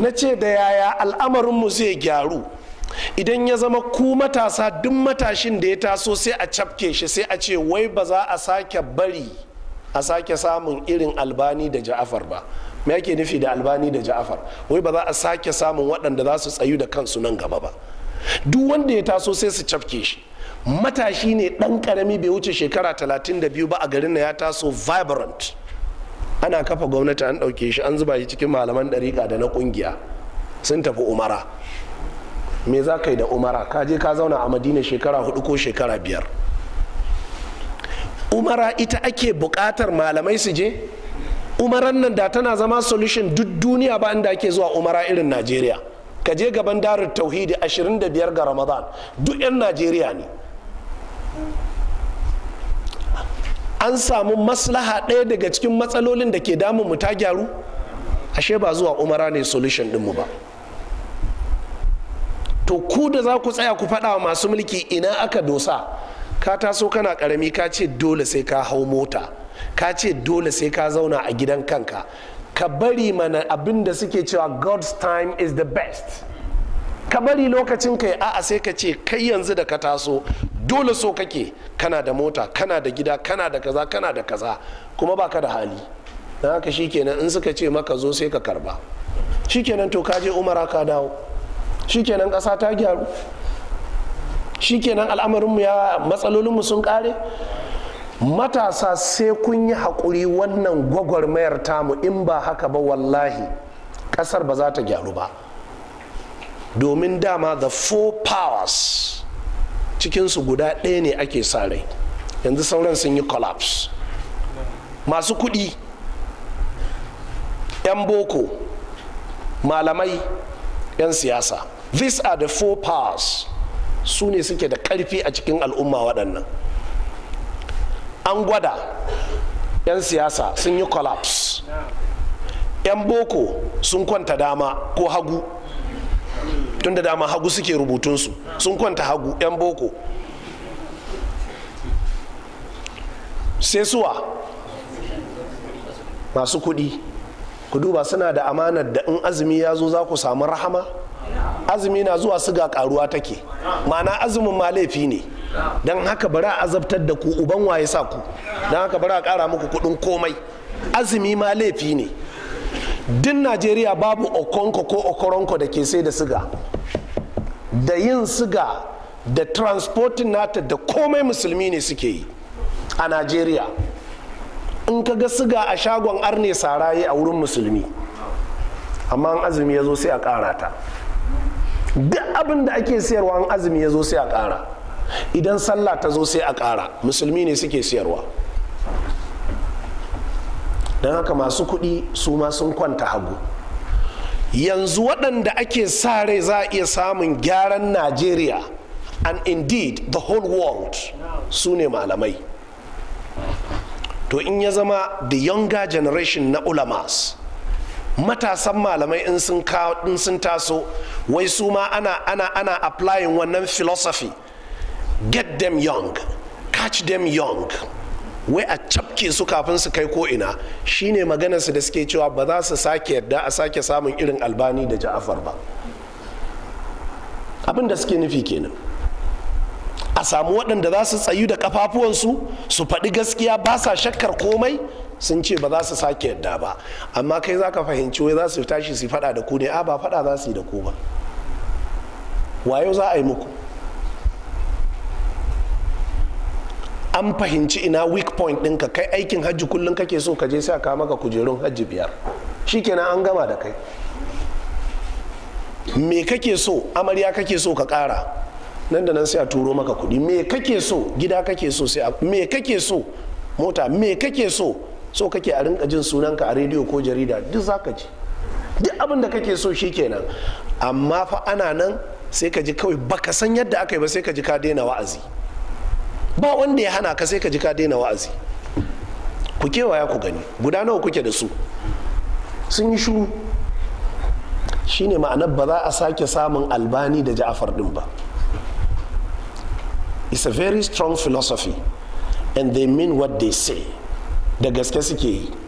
na ce da yaya al'amarinmu zai gyaru idan ya zama ku matasa duk matashin da ya taso sai a cafke shi sai a ce wai ba za a sake bari a sake samun irin albani da ja'afar ba me yake nufi da albani da ja'afar wai ba za a sake samun waɗanda za su tsayu da kansu nan gaba ba duk wanda ya taso sai su cafke shi matashi ne ɗan ƙarami bai wuce shekara 32 ba a garin na ya taso vibrant ana kafa gwamnati an ɗauke shi an zuba shi cikin malaman ɗariƙa da na kungiya sun tafi umara me za ka yi da umara ka je ka zauna a madina shekara hudu ko shekara biyar umara ita ake buƙatar malamai su je umaran nan da tana zama solution duk duniya ba inda ake zuwa umara irin najeriya ka je gaban darar tauhidi 25 ga ramadan duk 'yan najeriya ne an samu maslaha ɗaya daga cikin matsalolin da ke damun mu ta gyaru ashe ba zuwa umara ne solution dinmu ba to ku da za ku tsaya ku faɗa wa masu mulki ina aka dosa ka taso kana karami ka ce dole sai ka hau mota ka ce dole sai ka zauna a gidan kanka ka bari mana abin da suke cewa god's time is the best ka bari lokacin kai a'a sai ka ce kai yanzu da ka taso dole so kake kana da mota kana da gida kana da kaza kana da kaza kuma baka da hali don haka shikenan in suka ce maka zo sai ka karba shikenan to ka je umara ka dawo shikenan kasa ta gyaru shikenan al'amarinmu ya matsalolinmu sun ƙare matasa sai kun yi haƙuri wannan gwagwarmayar tamu in ba haka ba wallahi ƙasar ba za ta gyaru ba domin dama the four powers cikinsu guda ɗaya ne ake sa rai yanzu sauran sun yi collapse masu kuɗi 'yan boko malamai 'yan siyasa these are the four powers su ne suke da ƙarfi a cikin al'umma waɗannan an gwada 'yan siyasa sun yi collapse 'yan boko sun kwanta dama ko hagu tun da dama hagu suke rubutunsu sun kwanta hagu 'yan boko sai suwa masu kudi ku duba suna da amanar da in azumi ya zo za ku samu rahama azumi na zuwa siga karuwa take ma'ana azumin ma laifi ne don haka bari a azabtar da ku uban waye sa ku don haka bari a kara muku kudin komai azumi ma laifi ne din najeriya babu okonko ko okoronko da ke sai da siga da yin siga da transportin nata da komai musulmi ne suke yi a najeriya in ka ga siga a shagon arne saraye a wurin musulmi amma an azumi ya zo sai a ƙara ta duk abin da ake siyarwa an azumi ya zo sai a ƙara idan sallah ta zo sai a ƙara musulmi ne suke siyarwa don haka masu kuɗi su ma sun kwanta hagu yanzu waɗanda ake sa rai za a iya samun gyaran najeriya and indeed the whole world su ne malamai to in ya zama the younger generation na ulamas matasan malamai in sun in sun taso wai su ma ana ana ana applying wannan philosophy get them young catch them young wai a cafke su kafin su kai ko ina shine maganarsu da suke cewa ba za su sake yadda a sake samun irin albani da ja'afar ba abin da suke nufi kenan a samu waɗanda za su tsayu da kafafuwansu su faɗi gaskiya ba sa shakkar komai sun ce ba za su sake yadda ba amma kai za ka fahimci wai za su tashi su faɗa da ku ne a ba faɗa za su yi da ku ba wayo za a yi muku an fahimci ina weak point ɗinka kai aikin hajji kullum kake so ka je sai ka maka kujerun hajji biyar shikenan an gama da kai me kake so amarya kake so ka kara nan da nan sai a turo maka kuɗi me kake so gida kake so sai me kake so mota me kake so so kake a rinka jin sunanka a rediyo ko jarida duk zaka ji duk abin da kake so shikenan amma fa ana nan sai ka ji kawai baka san yadda aka yi ba sai ka ji ka daina wa'azi ba wanda ya hana ka sai ka ji ka daina wa'azi ku kewaya ku gani guda nawa kuke da su sun yi shuru shine ma'anar ba za a sake samun albani da ja'afar din ba it's a very strong philosophy and they mean what they say da gaske suke yi